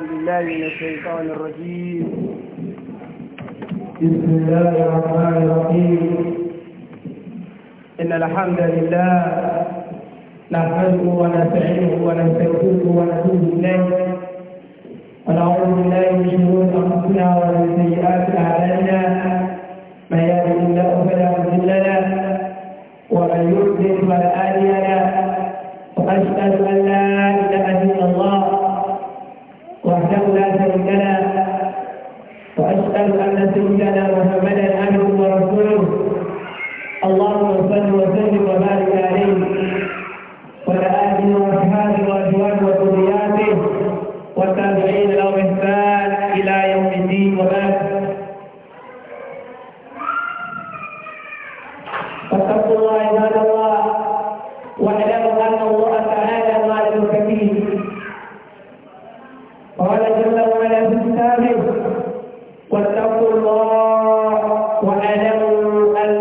أعوذ بالله من الشيطان الرجيم بسم الله الرحمن الرحيم إن الحمد لله نحمده ونستعينه ونستغفره ونتوب إليه ونعوذ بالله من شرور أنفسنا ومن سيئات أعمالنا من يهده الله فلا مضل له ومن يضلل فلا هادي له وأشهد أن لا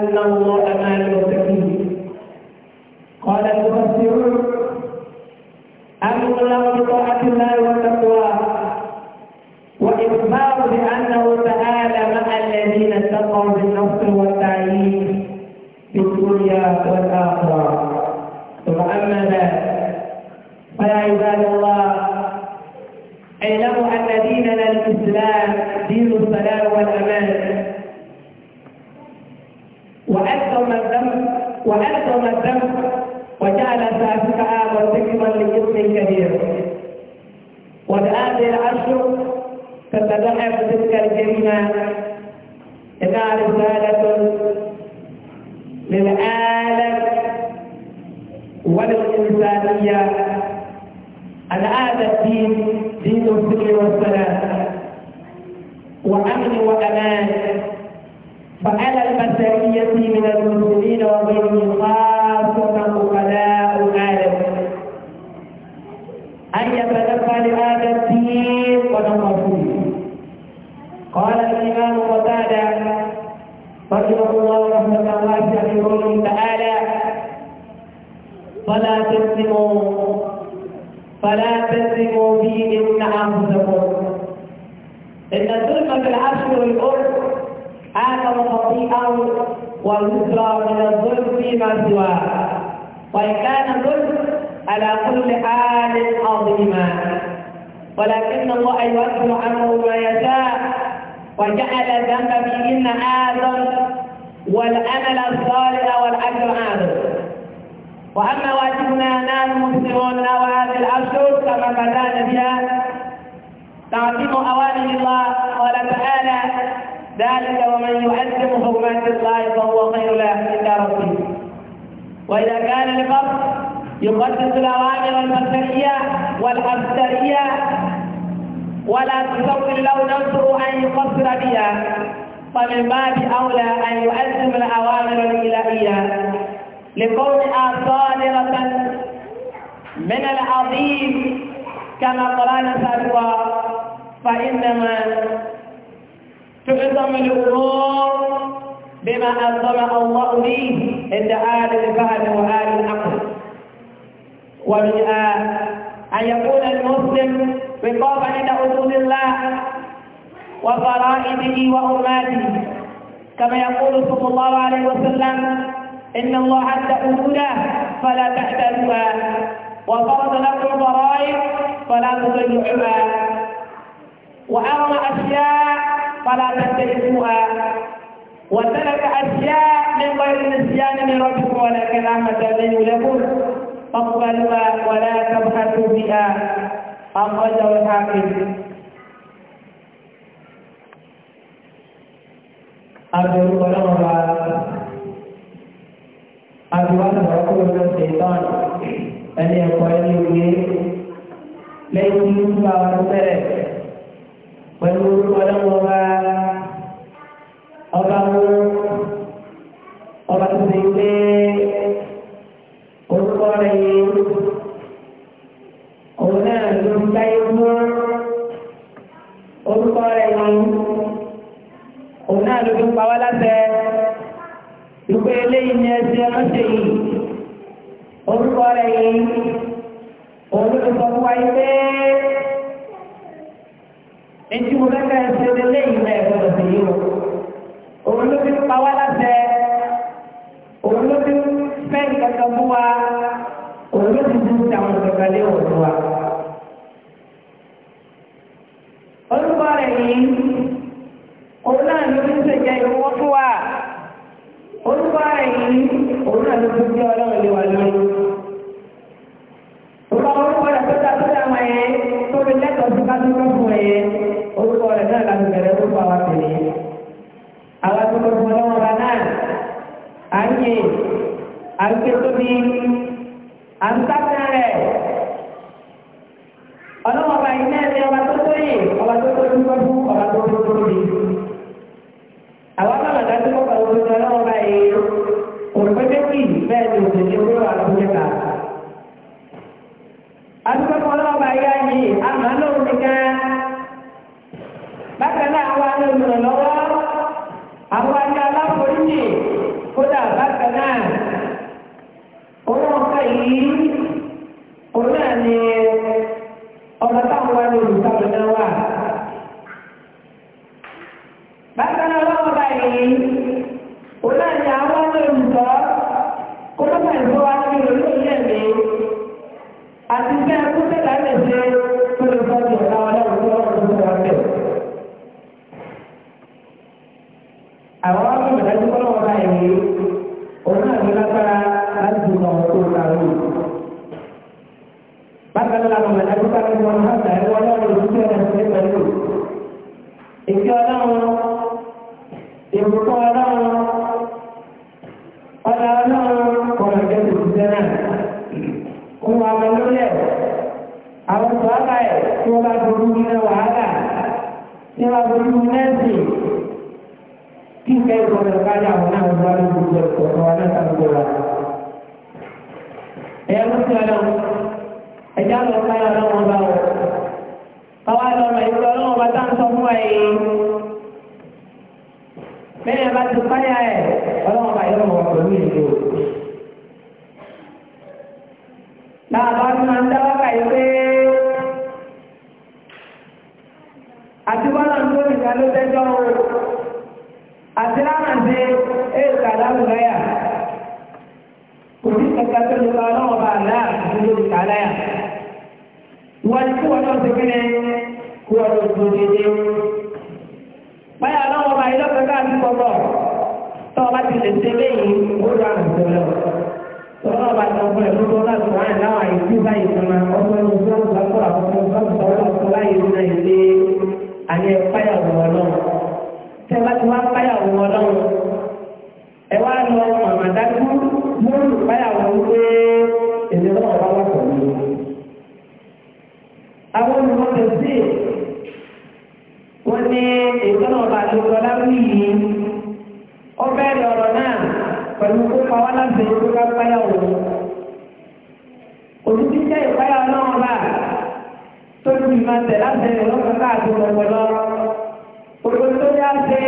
أن الله قال الإمام قتادة رحمه الله رحمة واسعة في قوله تعالى فلا تسلموا فلا تسلموا فيهن أنفسكم إن الظلم في العشر الأرض آدم خطيئا واليسرى من الظلم فيما سواه وإن كان الظلم على كل حال عظيما ولكن الله يوكل عنه ما يشاء وجعل الذنب فيهن آدم والأمل الصالح والأجر آدم وأما واجبنا نحن المسلمون نحو هذه الأشهر كما بدأنا بها تعظيم أوامر الله قال تعالى ذلك ومن يعظم حرمات الله فهو خير له عند ربه وإذا كان الفرد يقدس الأوامر البشرية والأبشرية ولا تسول له نفسه أن يقصر بها فمن باب أولى أن يؤذم الأوامر الإلهية لكونها صادرة من العظيم كما قرانا سابقا فإنما تعظم الأمور بما عظمها الله به عند آل الفهم وآل العقل ومن أن يكون المسلم عند حدود الله وفرائضه وأماته كما يقول صلى الله عليه وسلم إن الله عد أولا فلا تحتلوها وفرض لكم ضرائب فلا تضيعوها وأرم أشياء فلا تتركوها وترك أشياء من غير النسيان من ربكم ولا كلامة لن لكم فاقبلوها ولا تبحثوا بها أخرجه الحاكم أبو بكر أبو بكر يقول الشيطان أن يقول لي ليس يوسف ومسرد والملك ولهما ọba wo ọba tó ṣe pé orúkọ rẹ̀ yìí. eléyìí ni ẹsẹ̀ ránṣẹ́ yìí orúkọ rẹ̀ yìí. nẹ́ẹ̀sì kí n kẹ́kọ̀ọ́ bẹ̀rẹ̀ káyà àwọn náà wọ́n lé gbogbo ẹ̀kọ́ ọ̀rọ̀ wọn náà tàbí gbọ́ra. ẹ̀yà ló ti ọ̀dọ̀ ẹ̀já lọ káyà ọlọ́wọ́n bá wọ̀. báwa lọ́rọ̀ ìlú ọlọ́wọ́n bá tá ń sọ fún wa yìí. bẹ́ẹ̀ bá ti káyà ẹ̀ ọlọ́wọ́n bá yọ̀ wọ̀ pẹ̀lú ìlú. láàbá máa ń dáwọ́ kàyí pé kan ló tẹ́jọ́ o àti láwọn ṣe é kàdá lùlẹ́yà kò sí kankan tó lè ba ọlọ́wọ́ bá àlá àti lórí kàlá yà wọ́n ti kú wọn lọ sí kíni kú wọn lọ sí òdìdí. báyà ọlọ́wọ́ bá yìí lọ́kọ̀ọ́ká àti kọ̀ọ̀bọ̀ tó o bá ti lè ṣe léyìn ó lọ àrùn tó lọ tọ́lá bá tọ́ fún ẹ̀ lọ́dọ́ láti wáyé láwọn àyè tí báyìí fún wa ọgbọ́n àní ẹ fáyàwó ọlọ́run tẹ́ bá ti wá fáyàwó ọlọ́run ẹ wá lọ màmá dájú mú olùfáyàwó wípé èdè náà wá wà pọ̀ ní. àwọn olùkọ́ sí wọ́n ní èdè náà bá ló lọ lábúlé yìí ó bẹ́ẹ̀ lọ́rọ̀ náà pẹ̀lú kópa wọn láti ṣe kópa fáyàwó òtútù jẹ́ ìpáyà ọlọ́run bá tó lù ìmọ̀ tẹ̀ láti àti ọ̀pọ̀lọ́. Òkè tó yá ṣe,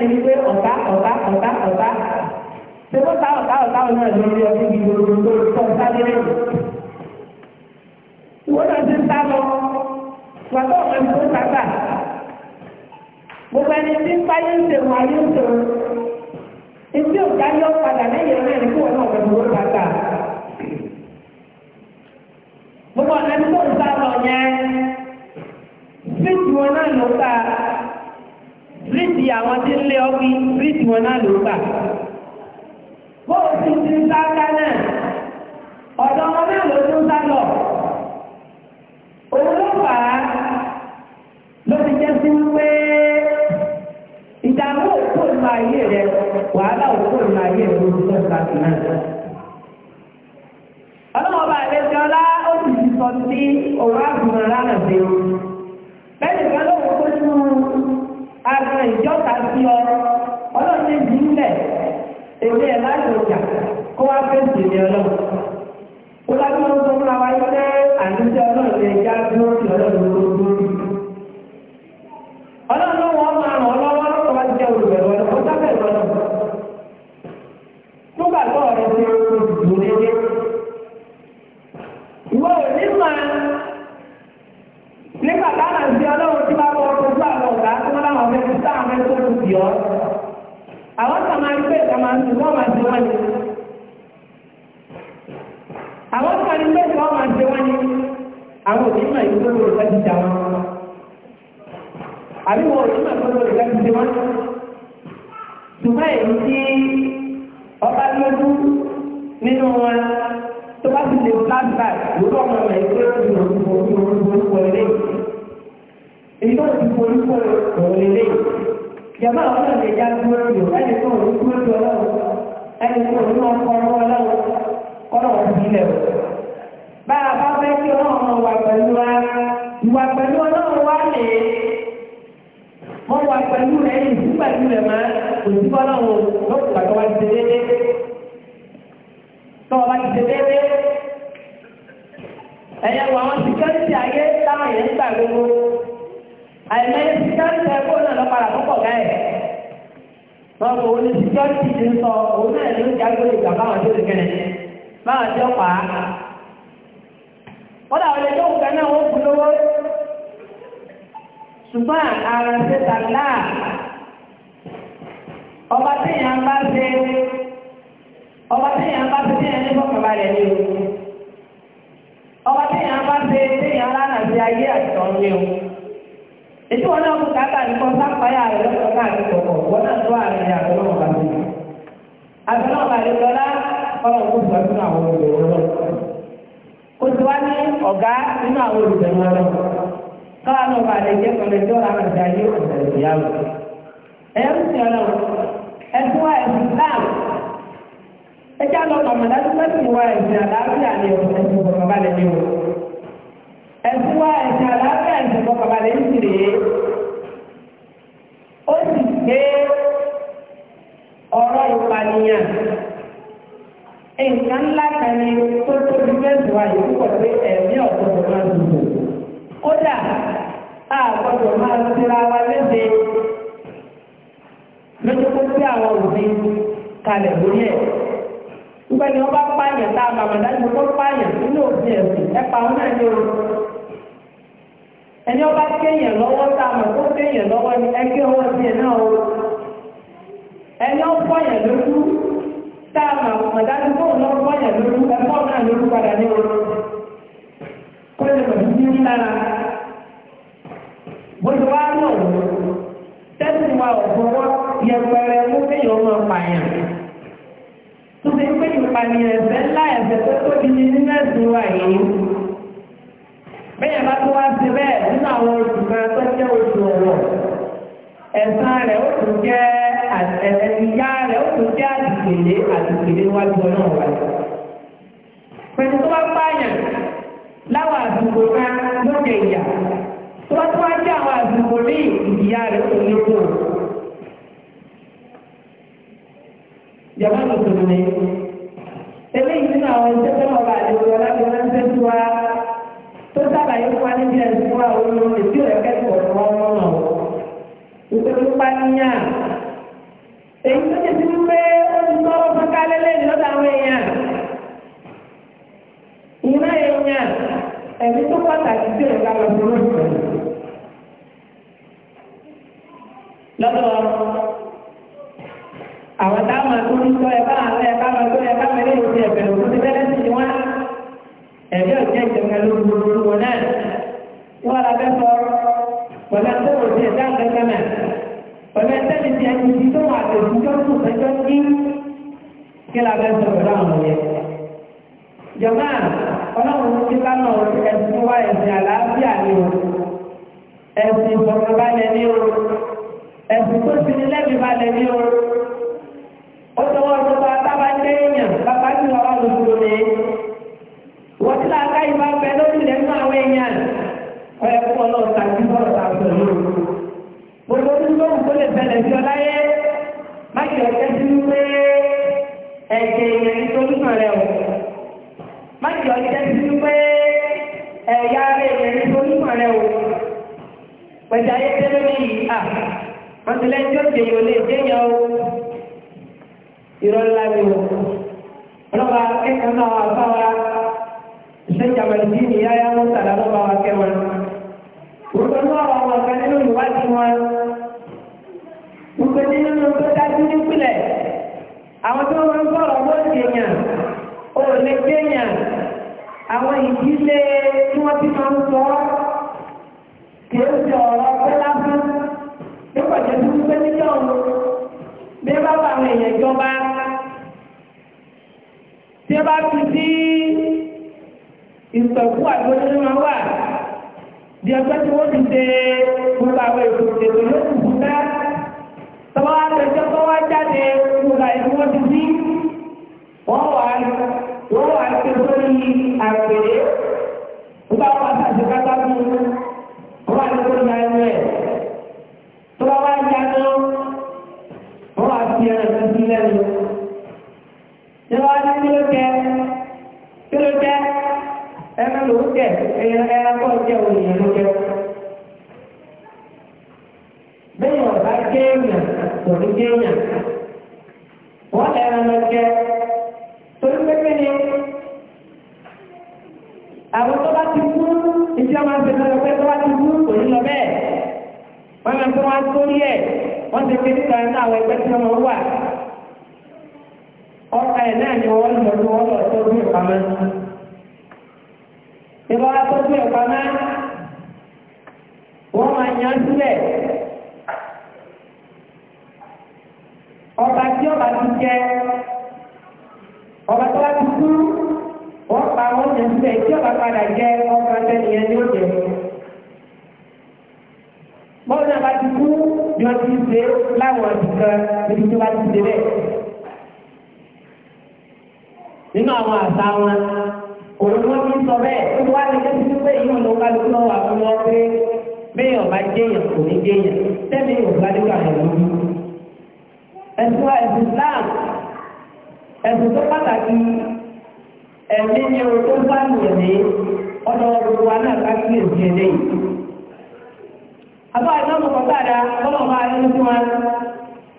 ni wípé ọ̀tá ọ̀tá ọ̀tá ọ̀tá ṣé wọ́n ta ọ̀tá ọ̀tá ọ̀nà ìlú ọdún bíi gbogbo tó ń sáré rẹ̀. ìwọ náà ti ń sá lọ wà tó ọ̀rẹ́ tó ń sábà gbogbo ẹni tí ń fáyé ń sèwọ̀n ayé ń sèwọ̀n ìdí ọ̀gá yọ padà lẹ́yìn ẹ̀rọ ẹ̀rí kó ọ̀nà ọ̀rẹ́ tó ń sábà gbogbo ọ̀rẹ́ tó ń sábà yẹn sí ìwọ náà ló ta bíríìtì àwọn tí ń lé ọbí bíríìtì náà ló gbà ti ti ń sáká náà ọ̀dọ̀ wọn náà ló tún sá lọ òun ló fà á ló ti jẹ́ sí wípé ìdààmú òkú ìlú ayé rẹ̀ wàhálà òkú ìlú ayé rẹ ló tún sá sí sọ sí òun àgbọn ìjọta sí ọ ọlọ́run ní ìlú lẹ̀ ẹ̀ láti ọjà kó wá fẹ́ ìdèmí ọlọ́run ó lábí wọn sọ fúnra wa yìí pé àníṣe ọlọ́run lè já bí ó ti ọlọ́run lórí ọlọ́run wọn máa ràn ọ lọ́wọ́ lọ́wọ́ jẹ́ olùbẹ̀rù ọlọ́run ó sábẹ̀ ìrọ̀lọ́run tọ́wọ́ bá ti ṣe déédé ẹ̀yẹ wọ àwọn síkẹ́rìtì ayé táwọn yẹn ń gbà gbogbo àìmọye síkẹ́rìtì ẹ̀kọ́ náà lọ padà fún kọ̀ọ̀gá ẹ̀ wọ́n kò ní ti ń sọ òun náà ló ń báwọn tó báwọn tó pa á wọ́n ọba tí bá ọba téèyàn bá ṣe téèyàn ní fọkànbalẹ̀ ní o ọba téèyàn bá ṣe téèyàn lánà sí ayé àtọ̀ ní o ètò wọn náà kú káàkà nìkan sápáyà rẹ lọ́sọ̀ káàkiri kọ̀kọ̀ wọn náà tó àrùn ní àgbọ̀n náà bàbá mi àgbọ̀n náà bàbá mi lọ́lá ọlọ́run kò sọ sínú àwọn olùdẹ̀wọ̀n náà kò sí wá ní ọ̀gá nínú àwọn olùdẹ̀wọ̀n náà káwọn náà bàbá jẹ́ kọ́lẹ̀ tó lánà sí ayé àtọ̀ ìyá ẹ̀rù sí ọlọ́run ẹ̀sùn wa ẹ̀sùn láàmù ẹjá lọ tọ̀mọ̀ dájú pẹ́sìn wa ẹ̀sìn àlàáfíà ni ẹ̀sìn ìfọ̀kànbalẹ̀ ni o ẹ̀sìn wa ẹ̀sìn àlàáfíà ẹ̀sìn ìfọ̀kànbalẹ̀ ń tìrè é ó sì gbé ọ̀rọ̀ ìpànìyàn nǹkan ńlá kan ni tó tóbi fẹ́sìn wa yìí púpọ̀ pé ẹ̀mí ọ̀gbọ̀dọ̀ máa dùn kódà àgbọ̀dọ̀ máa tira wa léde lójú pé àwọn òbí kalẹ̀ lórí ẹ̀ pé ni wọ́n bá pààyàn tá a bàbà dájú kó pààyàn nínú òfin ẹ̀sìn ẹ̀pà wọn náà ní o. ẹni ọba kéèyàn lọ́wọ́ tá a mọ̀ tó kéèyàn lọ́wọ́ ni ẹgbẹ́ ọwọ́ tiẹ̀ náà o. ẹni ọ̀pọ̀yàn lójú tá a mọ̀ mọ̀ dájú kó lọ́ pọ̀yàn lójú ẹ̀pọ̀ náà lójú padà ní o. kó lè mọ̀ sí ní lára. bó ti náà tẹ́sí wa ọ̀fọwọ́ yẹpẹrẹ mú kéèyàn máa pààyàn tó ti pé ìpànìyàn ẹ̀fẹ́ ńlá ẹ̀fẹ́ tó tóbi ní nínú ẹ̀sìn wa yìí bẹ́ẹ̀ bá tó wá sí bẹ́ẹ̀ nínú àwọn oṣù kan tó jẹ́ oṣù ọ̀wọ̀ ẹ̀sán rẹ̀ ó tún jẹ́ ìyá rẹ̀ ó tún jẹ́ àdìgbèlé àdìgbèlé wájú ọ̀nà wa pẹ̀lú tó wá pààyàn láwọn àdúgbò kan lókè ìyà tó wá tó wá jẹ́ àwọn àdúgbò ní ìyá rẹ̀ ó tún ní yamaru tuni ele ina o se ko ba de ko la ko nan se tuwa to sa ba yo kwa ni bien tuwa o no e ti o ka ko ko no no u ko ni pa ni ya e ina de ti me o ni ko ro pa ka le le ni lo da we ya ina e nya e ni to pa ta ti o ka lo so ro lo lo awon àmójútó ẹ̀ka àlọ́ ẹ̀ka àmọ́jọ́ ẹ̀ka mẹ́lẹ́ ìwé ẹ̀bẹ̀rẹ̀ òkú ti bẹ́lẹ́ sí ni wọ́n ẹ̀rí ọ̀jẹ́ ìjọba lóru wọn náà wọ́n ara fẹ́ sọ pẹ̀lú tó wò sí ẹ̀dá àgbẹ̀gbẹ̀ pẹ̀lú ẹ̀sẹ̀ni ti ẹni tí tó wà lòdì tó kù fẹ́jọ́ kí kí la fẹ́ sọ pẹ̀lú àwọn yẹn. jọba ọlọ́run ti bá náà ẹ̀sìn wá ẹ̀sìn àlàáfíà ni o ẹ̀sìn ìfọ̀kànbalẹ̀ ni o ẹ̀sìn tó ti balẹ̀ ni o ó sọ wọn sọ pé tábà ń dé èèyàn bàbá tí wọn wà lóṣù wọ́n ti láǹkà ìbá bẹ lórí ilẹ̀ nínú àwọn bẹ́ẹ̀. nínú àwọn àṣà wọn òun wọn ti sọ bẹ́ẹ̀ ó wá ní kẹ́sí tó pé ìyọ̀ wà fún wọn pé ọba jẹ́yàn kò ní jẹ́yàn tẹ́lẹ̀ ọba nígbà rẹ̀ lójú. ẹ̀sùn ẹ̀sùn Islam ẹ̀sùn tó pàtàkì ẹ̀mí ni o tó bá lù ní gbogbo wa náà ká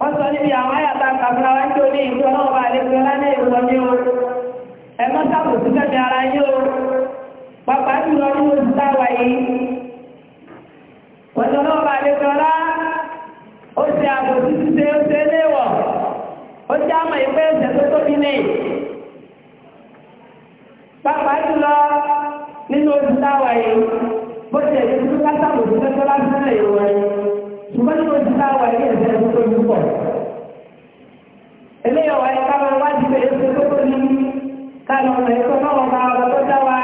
wọ́n sọ níbi àwọn àyàtà kàfíà wá tí ó ní ìlú ọlọ́ọ̀bà àlejò lánà ìwọ ní o ẹ má sábò sí fẹ́mi ara yín o pàpà jùlọ ní oṣù táwa yìí wọ́n sọ ọlọ́ọ̀bà àlejò ọlá ó ṣe àbò títí ṣe ó ṣe léwọ̀ ó jẹ́ àmọ̀ ìpẹ́ ẹ̀sẹ̀ tó tóbi ní pàpà jùlọ nínú oṣù táwa yìí bó ṣe èdè ká sábò sí fẹ́mi ọlá sílẹ̀ ìwọ ṣùgbọ́n nínú oṣù púpọ̀. eléyà wáyé káwọn wájú pé èso tó tó ní káwọn ọmọ èso náà wọn bá wọn tó dá wa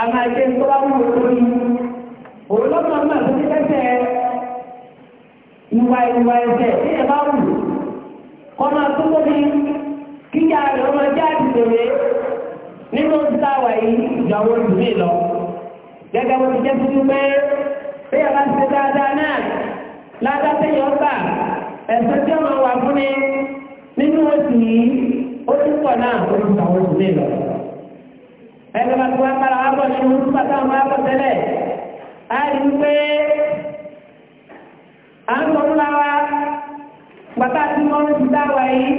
àmà ìṣe tó bá wù ú lórí. òun ló mọ̀ mọ̀ tó ti fẹ́sẹ̀ ìwà ìwà ẹ̀sẹ̀ tí ẹ bá wù kọ́ máa tó tó ní kíyà rẹ̀ ọmọ jáde lòwe nínú ìta wà yìí ìyàwó ìdùnnú lọ. gẹ́gẹ́ bó ti jẹ́ tuntun pé bí a bá ti ṣe dáadáa náà ládàá tẹ̀yọ̀ ẹ̀sẹ̀ tí a máa wà fún ni nínú oṣù yìí ó ti pọ̀ náà ó ti sàwọn oṣù lè lọ. ẹgbẹ́ bá ti wá kára wá bọ̀ nínú oṣù bàtà máa bọ̀ tẹ́lẹ̀ á rí i pé à ń sọ fúnra wa bàtà tí wọ́n ń ti dáwà yìí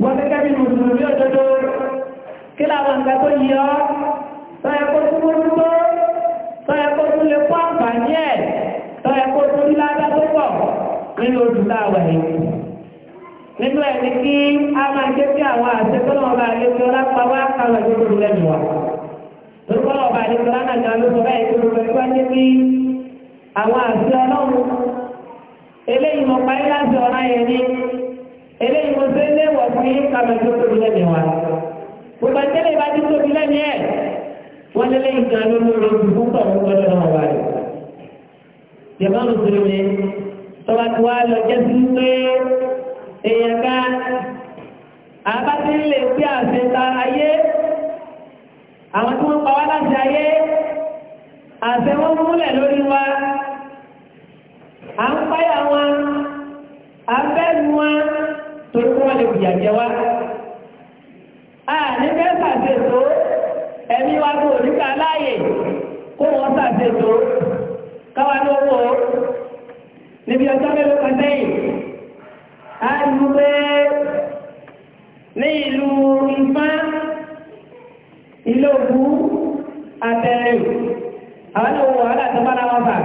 wọ́n gẹ́gẹ́ bí mùsùlùmí òdodo kí làwọn nǹkan tó yí ọ́ sọ́yẹ kó tún mú tó sọ́yẹ kó tún lè kó àǹfààní ẹ̀ sọ́yẹ kó tún rí ládá tó pọ̀ nínú oṣù táwà yìí nínú ẹ̀ ní kí a máa jẹ́ kí àwọn àṣẹ tó náà bá lè fi ọlá pa wá káwọn ẹgbẹ́ tó lẹ́nu wa lórúkọ náà bá lè fi ọlá náà kan ló sọ báyìí tó lọ́wọ́ ẹgbẹ́ ní kí àwọn àṣẹ ọlọ́run eléyìí mo pa yín láti ọ̀rá yẹn ní eléyìí mo ṣe lé wọ̀ fún yín káwọn ẹgbẹ́ tó lẹ́nu gbogbo àtẹ́lẹ̀ bá ti tóbi lẹ́nu ẹ̀ wọ́n lé lẹ́yìn kan ló lórí ìdúgbò tọ́ba tí wàá lọ jẹ́ sí pé èèyàn ká àbátí lè fi àṣẹ ta ayé àwọn tí wọ́n pa wá láti ayé àṣẹ wọn múlẹ̀ lórí wa à ń páyà wọn abẹ́nu wọn torí kí wọ́n lè fìyà jẹ wá. a ní ṣàṣètò ẹ̀mí wa kò níta láàyè kó wọ́n ṣàṣètò káwa ló wò níbi ọjọ́ mélòó kan sẹ́yìn a lu pé ní ìlú Ifá Ìlọ́bù àtẹ̀rẹ̀ àwọn ní ohun wàhálà tó bára wọn fà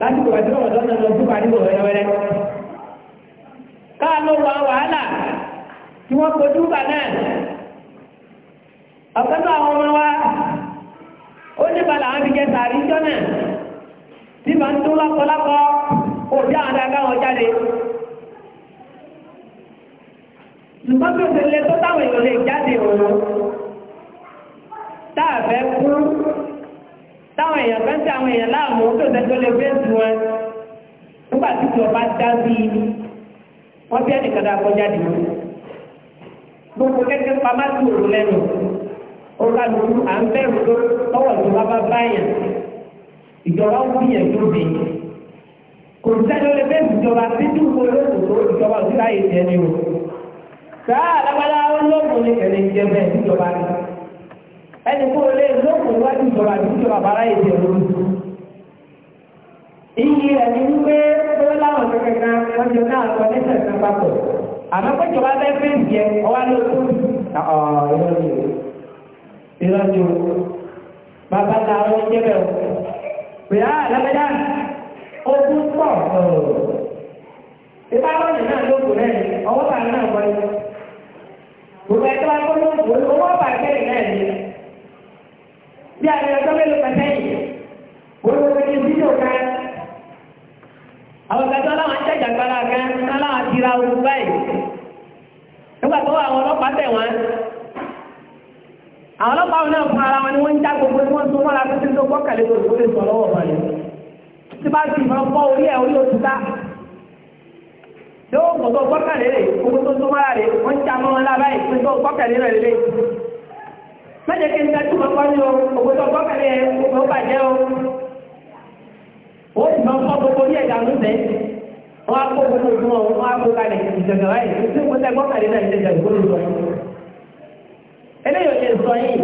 lásìkò àti ọ̀rọ̀ lọ́nà lọ sí pàdé bọ̀ wẹ́rẹ́wẹ́rẹ́ káà ló wà wàhálà tí wọ́n kojú bà náà ọ̀pẹ́ tó àwọn ọmọ wa ó ní balà wọn fi jẹ sàrí jọ́nà tí màá ń tún lọ́kọ́lọ́kọ́ kò já àwọn akáwọn jáde ṣùgbọ́n tó ṣe lè tó táwọn èèyàn lè jáde òun táàfẹ́ kú táwọn èèyàn kan tí àwọn èèyàn láàmú tó ṣe tó lè fèsì wọn nígbà tí tí ọba dá sí i wọ́n bí ẹnìkan dá kọjá dì í gbogbo kẹ́kẹ́ pamá sí òun lẹ́nu ọ̀kadùnkù à ń bẹ̀rù lọ́wọ́ tó bá bá báyà ìjọba ń gbìyànjú bẹ́ẹ̀ kò sẹ́ni ó lè fẹ́ ìjọba títí wo lóṣù tó ìjọba òsì láyé jẹ ni o. sáà alábàlá olóògùn ni kẹ̀lé ń jẹ bẹ́ẹ̀ níjọba ni. ẹnì kó lè lóògùn wájú ìjọba àti ìjọba bàrá yé jẹ lórí. iyì rẹ̀ ni wípé bóyá láwọn kẹ̀kẹ́ kan wọ́n jọ náà lọ lẹ́sẹ̀ kan papọ̀. àmọ́ pé ìjọba bẹ́ẹ̀ fẹ́ ìjẹ ọwá lóṣù. ìrọ̀jù bàbá ta ọ ogún pọ̀ ọ̀rọ̀. ìbáwọ̀nì náà ló kù náà ní ọwọ́ bá náà wọlé. gbogbo ẹ̀tọ́ wa kọ́ ló kù owó bàjẹ́ náà ní. bí a lè ọjọ́ mélòó kan sẹ́yìn gbogbo ẹni fídíò kan. àwọn kẹtọ́ láwọn ajẹ́jà gbára kan láwọn àti ra ogun báyìí. nígbà tó àwọn ọlọ́pàá tẹ̀ wọ́n àwọn ọlọ́pàá náà fún ara wọn ni wọ́n ń já gbogbo tí wọ́n tún mọ́ra tó ti tó gbọ́kàlẹ́ tó tó lè sọ lọ́wọ́ tí bá ti mọ̀ pọ́ orí ẹ̀ orí oṣù ta yóò mọ̀ tó gbọ́kànlé rẹ̀ owó tó tó mọ́ra rẹ̀ wọ́n ti àmọ́ wọn lábáyé pé tó gbọ́kànlé rẹ̀ lélẹ̀ mẹ́jẹ̀ kí n ta tí mo kọ́ ní o owó tó gbọ́kànlé rẹ̀ ó bàjẹ́ o ó sì mọ̀ pọ́ gbogbo orí ẹ̀dá ló wọ́n á kó gbogbo ìgbìmọ̀ wọn á kó kalẹ̀ ìjọba báyìí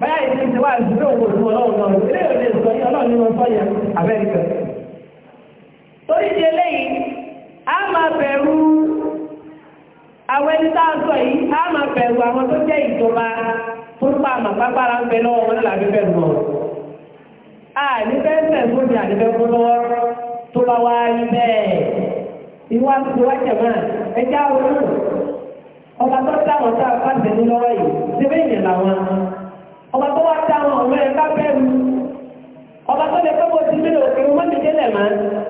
báyà ìdí ti wá ìdúró òwò ọlọ́run ilé ìrọ̀lẹ́ ìsọ yìí ọlọ́run nínú sọ yẹn Amẹ́ríkà. torí di eléyìí a máa bẹ̀rù àwọn sọ yìí a máa bẹ̀rù àwọn tó jẹ́ ìjọba ń bẹ lọ́wọ́ wọn làbí bẹ̀rù a ní bẹ́ẹ̀ fẹ́ fún tó bá wá rí bẹ́ẹ̀ ìwà tó wá jẹ̀ máa ọba tó wá dá wọn ọ̀rọ̀ ẹ̀ ká bẹ́ẹ̀ mu ọba tó lè kọ́ bó ti mílò òkè wọn mọ́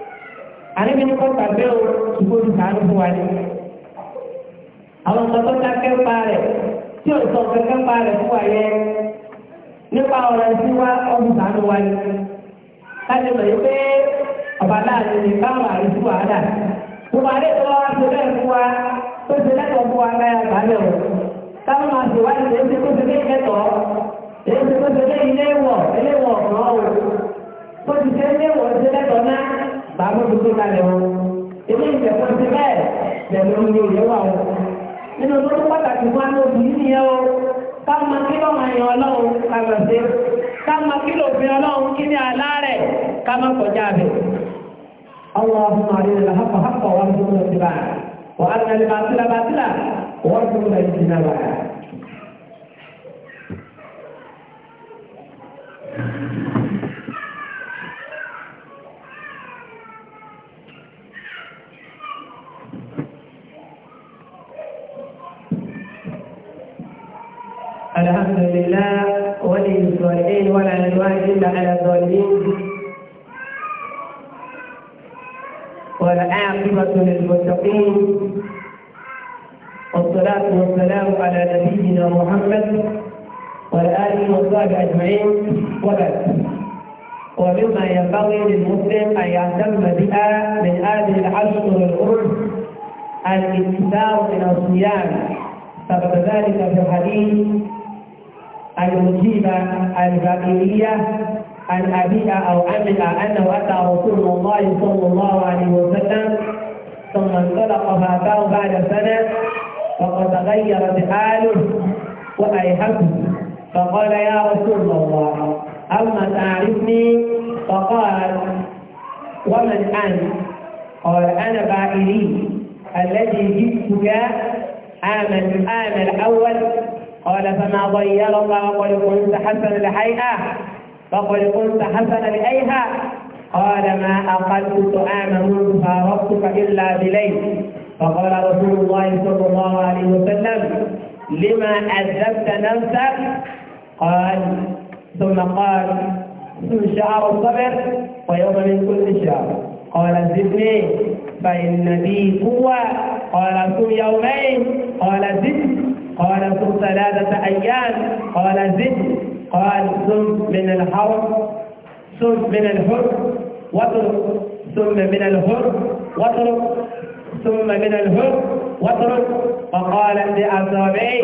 àníbi ní kọ́ta bẹ́ẹ̀ o ṣùgbọ́n ti sàánú fún wa ni. àwọn sọ́tọ́ ta kẹ́ńpa rẹ̀ tí ò sọ kẹ́ńpa rẹ̀ fún wa yẹ nípa ọ̀rọ̀ ẹ̀sìn wa ọ̀hún sàánú wa ni. láti mọ̀ yí pé ọ̀bà láàrin ní báwọn àrísí wàhálà. gbogbo àlẹ́ tó wá ṣe bẹ́ẹ̀ fún wa tó ṣe lẹ́kọ̀ọ́ fún wa láyà sàánú o. táwọn máa ṣe wá ṣe é ṣe kó ṣe lé ẹ̀tọ́ èyí ṣe kó lé ilé ìwọ̀ ilé ìwọ̀ o. kó ṣe lé ìwọ̀ ṣe lẹ́tọ̀ọ́ náà bàbá tó tó kalẹ̀ wọn ilé ìjẹ̀kọ́ ti bẹ́ẹ̀ bẹ̀rẹ̀ omi òye wà wọn. nínú tó tó pàtàkì fún àwọn obìnrin nìyẹn o ká mọ kí ló máa yan ọlọ́run ká lọ sí ká mọ kí ló fi ọlọ́run kí ní alárẹ̀ ká má kọjá bẹ̀. اللهم علينا الحق حقا وارزقنا اتباعه وارنا الباطل باطلا وارزقنا اجتنابه الوالدين ولا عدوان إلا على الظالمين والعاقبة للمتقين والصلاة والسلام على نبينا محمد آله وصحبه أجمعين وبعد ومما ينبغي للمسلم أن يهتم بها من هذه العشر الغرب الإكثار من الصيام فقد ذلك في حديث أن يجيب البقية عن أبيها أو أمه أنه أتى رسول الله صلى الله عليه وسلم ثم انطلق فأتاه بعد سنة فقد تغيرت حاله وأيحته فقال يا رسول الله أما تعرفني فقال ومن أنت قال أنا بائلي الذي جئتك عام الآن الأول قال فما الله وقد كنت حسن لحيئة فقل كنت حسن لأيها قال ما أقلت طعاما منذ فارقتك إلا بليل فقال رسول الله صلى الله عليه وسلم لما أذبت نفسك قال ثم قال ثم شعر الصبر ويوم من كل شعر قال زدني فإن بي قوة قال كن يومين قال زدني قال ثم ثلاثة أيام قال زد قال ثم من الحر ثم من الحر واترك ثم من الحر واترك ثم من الحر واترك فقال لأصابعيه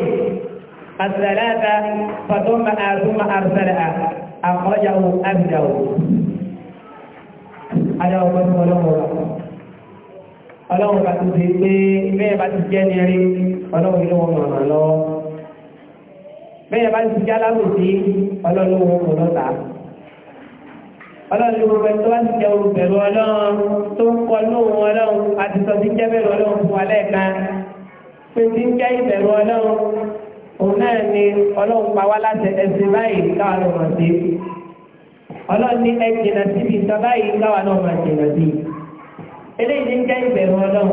الثلاثة فثم ثم أرسلها أخرجه أبدو هذا هو قول الله ọlọ́run bá ti di pé bẹ́ẹ̀ bá ti jẹ́ ní rí ọlọ́run ló wọn mọ̀ràn lọ bẹ́ẹ̀ bá ti jẹ́ alábòsí ọlọ́run ló wọn mọ̀ràn lọ́ta ọlọ́run ló wọn bẹ́ẹ̀ tó bá ti jẹ́ olùbẹ̀rù ọlọ́run tó ń náà ni ọlọ́run pa wá láti sí ọlọ́run eléyìí ń jẹ́ ìbẹ̀rù ọlọ́run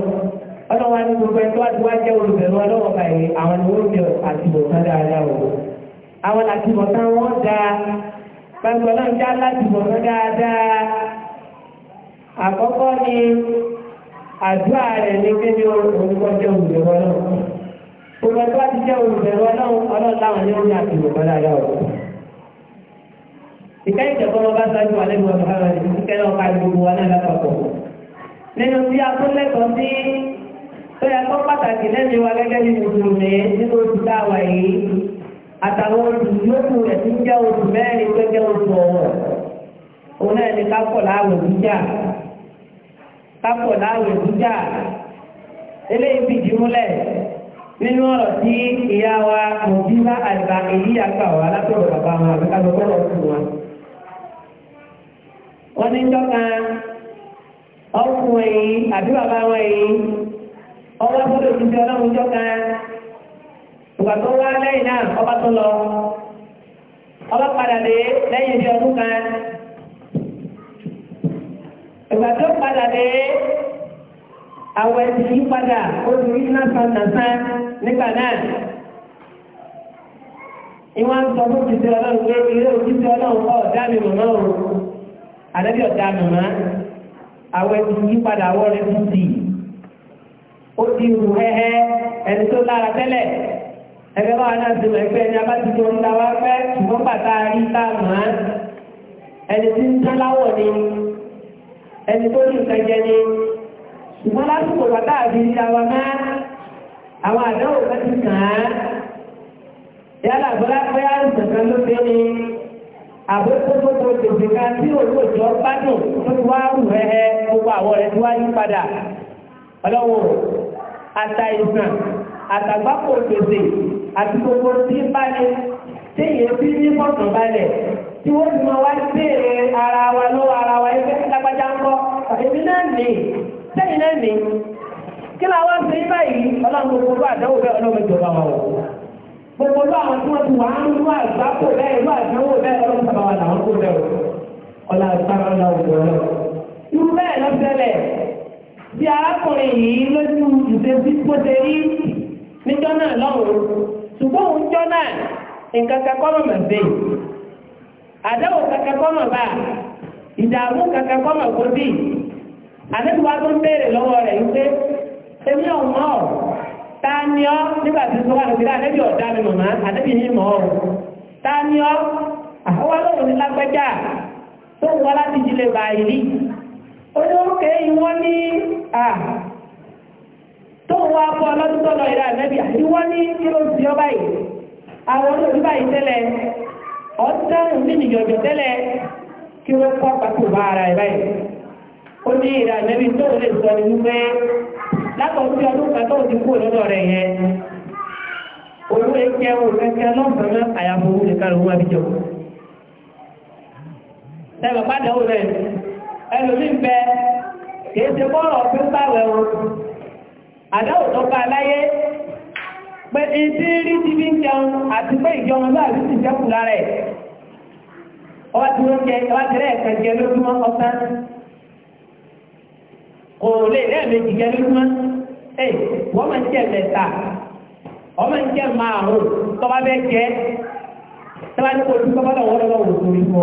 ọlọ́wà ní gbogbo ẹni tó wá ti jẹ́ olùbẹ̀rù àwọn ni wọ́n àtìmọ̀tán dáadáa wò àwọn àtìmọ̀tán dáa dáadáa àkọ́kọ́ ni àdúrà rẹ̀ ní olùkọ́ jẹ́ olùbẹ̀rù ọlọ́run gbogbo tó jẹ́ olùbẹ̀rù ọlọ́run nínú tí a tó lẹ́tọ̀ọ́ sí tó yẹ kó pàtàkì lẹ́nu wa gẹ́gẹ́ bí mùsùlùmí nínú oṣù táwa yìí àtàwọn oṣù yòókù rẹ̀ ti jẹ́ oṣù mẹ́rin tó jẹ́ oṣù ọ̀wọ̀ òun náà ni kápọ̀ láwẹ̀ jíjà kápọ̀ láwẹ̀ jíjà eléyìí fìdí múlẹ̀ nínú ọ̀rọ̀ tí ìyá wa mùsùlùmí àgbà èyí àgbà wa látọ̀rọ̀ bàbá wọn àbíkájọ́ kọ́ wọ́n ní jọ́ka ọkùnrin yìí àbí bàbá wọn yìí ọba ọlọ́run jọ kan wá lẹ́yìn náà ọba lọ ọba padà dé lẹ́yìn bí ọdún kan ìgbà padà dé àwọn ẹ̀sìn na padà olùrí náà nàṣán nígbà náà sọ fún ọlọ́run pé ilé ọlọ́run kọ́ ọ̀dá mi àwẹ̀ ti yí padà àwọ̀ rẹ̀ ti dì ó ti rù hẹ́hẹ́ ẹni tó lára tẹ́lẹ̀ ẹgbẹ́ báwa náà ti mọ̀ ẹgbẹ́ ẹni abájútó ń ta wá fẹ́ ṣùgbọ́n bàtà rí tá a mọ̀ án ẹni tí ń tán láwọ̀ ni ẹni tó ní nǹkan jẹ ni ṣùgbọ́n lásìkò bàtà rí ta wá mọ́ àwọn àdánwò kan ti kàn án yálà bọ́lá pé àrùn kan ló dé ni àbókótókó tètè ká tí òun ò jọ bá tó ti wá rù hẹ́hẹ́ àwọ̀ rẹ̀ tí wá yí padà ọlọ́wọ́ ata ìsàn àtàgbákò gbèsè àti gbogbo tí balẹ̀ tí èyí fi ní fọ̀tàn balẹ̀ tí wọ́n fi máa wá béèrè ara wa lọ́wọ́ ara wa ẹgbẹ́ tí lágbájá ń kọ́ èmi náà nì sẹ́yìn náà nì kí la wá sí báyìí ọlọ́run gbogbo bá àdánwò bẹ́ẹ̀ ọlọ́run ìjọba wa wọ̀ gbogbo lọ àwọn tí wọ́n ti wà á ń lọ àgbákò bẹ́ẹ̀ lọ àdánwò bẹ́ẹ̀ ọlọ́run sábà wà láwọn kó bẹ́ẹ̀ ọlọ́run sábà wà láwọn kó bẹ́ẹ̀ ṣẹlẹ̀ tí arákùnrin yìí lójú ìṣesí bó ṣe rí níjọ́ náà lọ́hùn ṣùgbọ́n òun jọ́ náà nǹkan kakọ́nà mà ṣe àdáwò kakakọ́nà bá ìdààmú kakakọ́nà kò sí àdéhùn wa tó ń béèrè lọ́wọ́ rẹ̀ wípé èmi ò mọ̀ ọ́ ta ni ọ́ nígbà tí sọ́wọ́ àti àdébì ọ̀dá mi mọ̀mọ́ àdébì yìí mọ̀ ọ́ ta ni ọ́ àwọn olóòrùn ní lágbẹ́jà tó wọ́n láti jílé báyìí olóòkè ìwọ́n ní à tó ń wá fún ọlọ́dún tó lọ ìrà nẹ́bí ìwọ́n ní kí ló ń fi ọba yìí àwọn olóòtú báyìí tẹ́lẹ̀ ọ̀dọ́rùn ní ìyọ̀jọ̀ tẹ́lẹ̀ kí wọ́n kọ́ pàtó bá ara ẹ̀ báyìí ó ní ìrà nẹ́bí tó lè sọ ní wípé látọ̀ sí ọdún kan tó ti kú lọ́dọ̀ rẹ̀ yẹn olóòtú ẹ̀kẹ́ òkẹ́kẹ́ lọ́fẹ̀ẹ́ àyàfọ̀ òun nìkan lòun wà bí jẹun ẹlòmí ń bẹ kìí ṣe bọ́ọ̀lù o àdáwò tó bá láyé pé ìdí rí ti fi ń jẹun àti pé ìjọba náà rí ti jẹ́kù lára ẹ̀ ọba tí wọ́n jẹ ọba tí lẹ́ẹ̀ka jẹ lójúmọ́ ọ̀sán kò lè lẹ́ẹ̀mejì jẹ lójúmọ́ wọ́n máa ń jẹ mẹ́ta wọ́n máa ń jẹ márùn-ún bẹ́ẹ̀ jẹ́ ní kò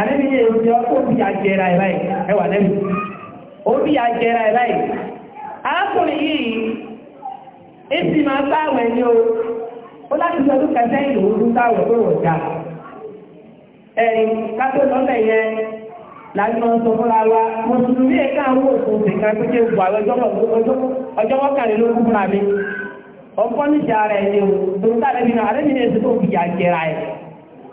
àlẹ́bí yẹ òbí ọkọ̀ bí àjẹrà ẹ̀ báyìí ẹwà lẹ́bí òbí ẹ̀ arákùnrin yìí èsì máa ní o ó láti sọ tó kẹsẹ́ ìlú ọdún tó rọ̀ já ẹ̀rìn kátó lọ́sẹ̀ yẹn láti máa sọ fúnra wa mùsùlùmí ẹ̀ka àwọn òfin ṣèkà pé kí ọjọ́ fúnra mi ọkọ́ níjà rẹ̀ ni o tòun tá àlẹ́bí náà náà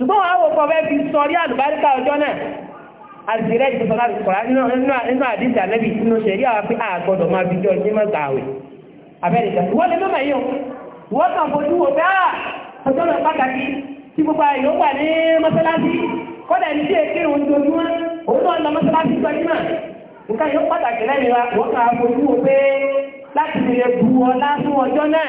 ṣùgbọ́n àwọn ọkọ̀ fẹ́ fi sọ rí àlùbáríkà ọjọ́ náà àdìrẹ́ ìfọ̀sọ́lá ìkọ̀lá nínú àdìsà lẹ́bi inú ṣe rí àwọn pé àgbọ̀dọ̀ máa fi jọ ní mọ́ta àwẹ̀ abẹ́rẹ́ta wọ́n lè mọ́mọ̀ yìí wọ́n kàn fojú wo bá ah, ọjọ́ lọ pàtàkì tí gbogbo àyò wà ní mọ́sálásí kọ́dà ní tí èké òun dojú wọn òun náà lọ mọ́sálásí gbajúmọ̀ nǹkan yóò pàtàkì lẹ́yìn wa wọ́n kàn fojú wo pé láti lè bu ọlá fún ọjọ́ náà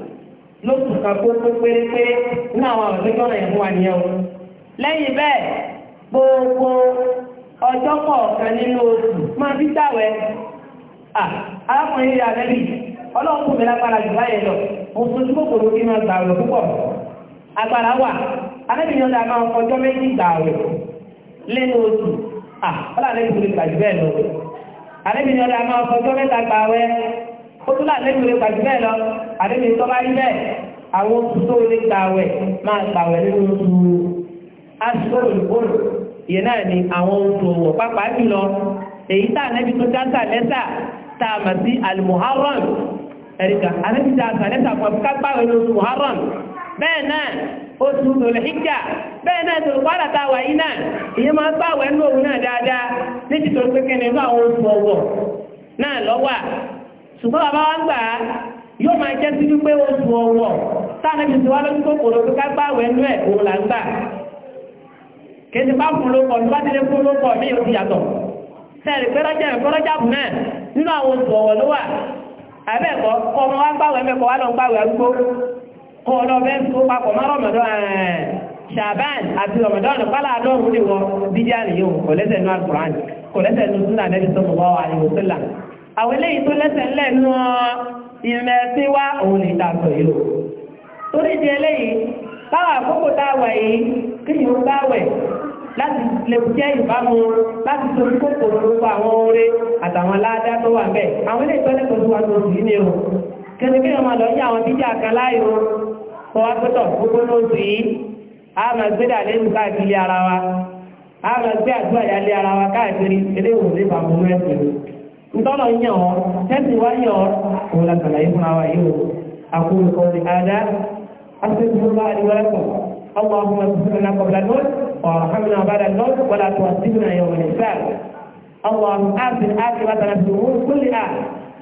lóṣù kan gbogbo péréte ní àwọn àwòrán ìfún wa nìyẹn o lẹ́yìn bẹ́ẹ̀ gbogbo ọjọ́ kọ̀ọ̀kan nínú oṣù máa fi dáwẹ́ arákùnrin ìyá ọlọ́run kò mẹ́lá para jù báyẹn lọ oṣù tí kòkòrò kí máa gbà rẹ̀ púpọ̀ wà máa méjì gbà rẹ̀ lẹ́nu oṣù ọlọ́run kò lè gbà jù bẹ́ẹ̀ lọ máa mẹ́ta gbà rẹ̀ kúlà lẹ́nu lè pàdé bẹ́ẹ̀ lọ àdébí tó bá rí bẹ́ẹ̀ àwọn oṣù tó lè gbà wẹ̀ máa gbà wẹ̀ nínú oṣù asúròlùbọ́ọ̀lù ìyẹn náà ni àwọn oṣù òwò pápá jùlọ èyí tá àlẹ́bí tó já sà lẹ́sà tá a mà sí alimuharram ẹ̀ríkà àlẹ́bí tá a sà lẹ́sà fún akápá wẹ̀ ní oṣù muharram bẹ́ẹ̀ náà oṣù tòlẹ́híjà bẹ́ẹ̀ náà tó wàrà tá a wà yí náà ìyẹn máa gbà wẹ̀ ní òun náà dáadáa ní ti tó pé kẹ́ni inú àwọn oṣù ọ̀wọ̀ náà lọ́wọ́ ṣùgbọ́n bàbá wa gbà á yóò máa jẹ́ sí wípé oṣù ọ̀wọ̀ táwọn ibi tí wá lójú tó kòrò pé ká gbà wẹ̀ nú ẹ̀ òun là ń gbà kéde bá fún lóko ní bá ti lé fún lóko mí yóò fi yàtọ̀ sẹ́ẹ̀rì pé rọ́jà ẹ̀fọ́ rọ́jà bù náà nínú àwọn oṣù ọ̀wọ̀ ló wà àbẹ́ẹ̀kọ́ kọ́ ọmọ wa gbà wẹ̀ mẹ́kọ̀ọ́ wa lọ gbà wẹ̀ arúgbó kọ́ ọ lọ bẹ́ẹ̀ tó papọ̀ mọ́ rọ̀mọ̀dọ́ ṣàbán àti rọ̀mọ̀dọ́nù pálá àdọ́rùn-ún ni wọ́n bídíà nìyóò kò lẹ́sẹ̀ nú àgùrán kò lẹ́sẹ̀ nú súnà nẹ́bí sọ́mọ́ wà á àwọn eléyìí tó lẹ́sẹ̀ ńlẹ̀ nú ìmẹ̀ sí wá òun ní ìtàkọ̀ ìlò torí di eléyìí báwọn àkókò dáwẹ̀ yìí kí yìí ó dáwẹ̀ láti lè jẹ́ ìbámu láti torí kòkòrò gbogbo àwọn oore àtàwọn aládá tó wà bẹ́ẹ̀ àwọn eléyìí tó lẹ́sẹ̀ tó wà tó sì ní o kẹ́sìkẹ́ ọmọ lọ yí àwọn bíjà kan láyò kọ́ wá pẹ́tọ̀ gbogbo lóṣù yìí a máa gbé dàlẹ́ nù káàkiri ara wa a máa gbé àdúrà yálé ara wa káàkiri eléyìí ò ntọ́lọ̀ ń yàn ọ́ tẹ́sí wá yàn ọ́ òun la sàlàyé fún àwa yìí o tesi wa yan o أقول la salaye fun awa yii o akoko kan ní ada asèkúrúbá àdìwọ́lẹ́kọ̀ ọmọ ọmọ ìfúnná kọ̀ọ̀lá lọ́t ọ̀hámìnà ọ̀bàdà lọ́t wọlé àtọ̀ اللهم آمن آخرتنا في كل كلها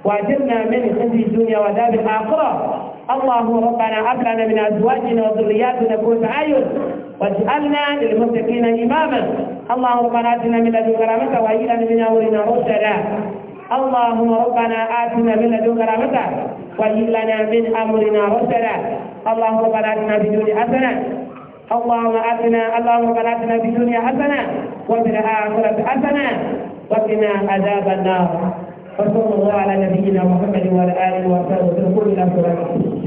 وأجرنا من خزي الدنيا وعذاب الآخرة اللهم ربنا هب لنا من أزواجنا وذرياتنا قرة أعين واجعلنا للمتقين إماما اللهم ربنا آتنا من لدنك رحمة وهيئ من أمرنا رشدا اللهم ربنا آتنا من لدنك رحمة وهب لنا من أمرنا رشدا اللهم ربنا آتنا في الدنيا حسنة اللهم آتنا اللهم ربنا آتنا في الدنيا حسنة وفي الآخرة حسنة وقنا عذاب النار وصلى الله على نبينا محمد وعلى آله وصحبه وسلم كل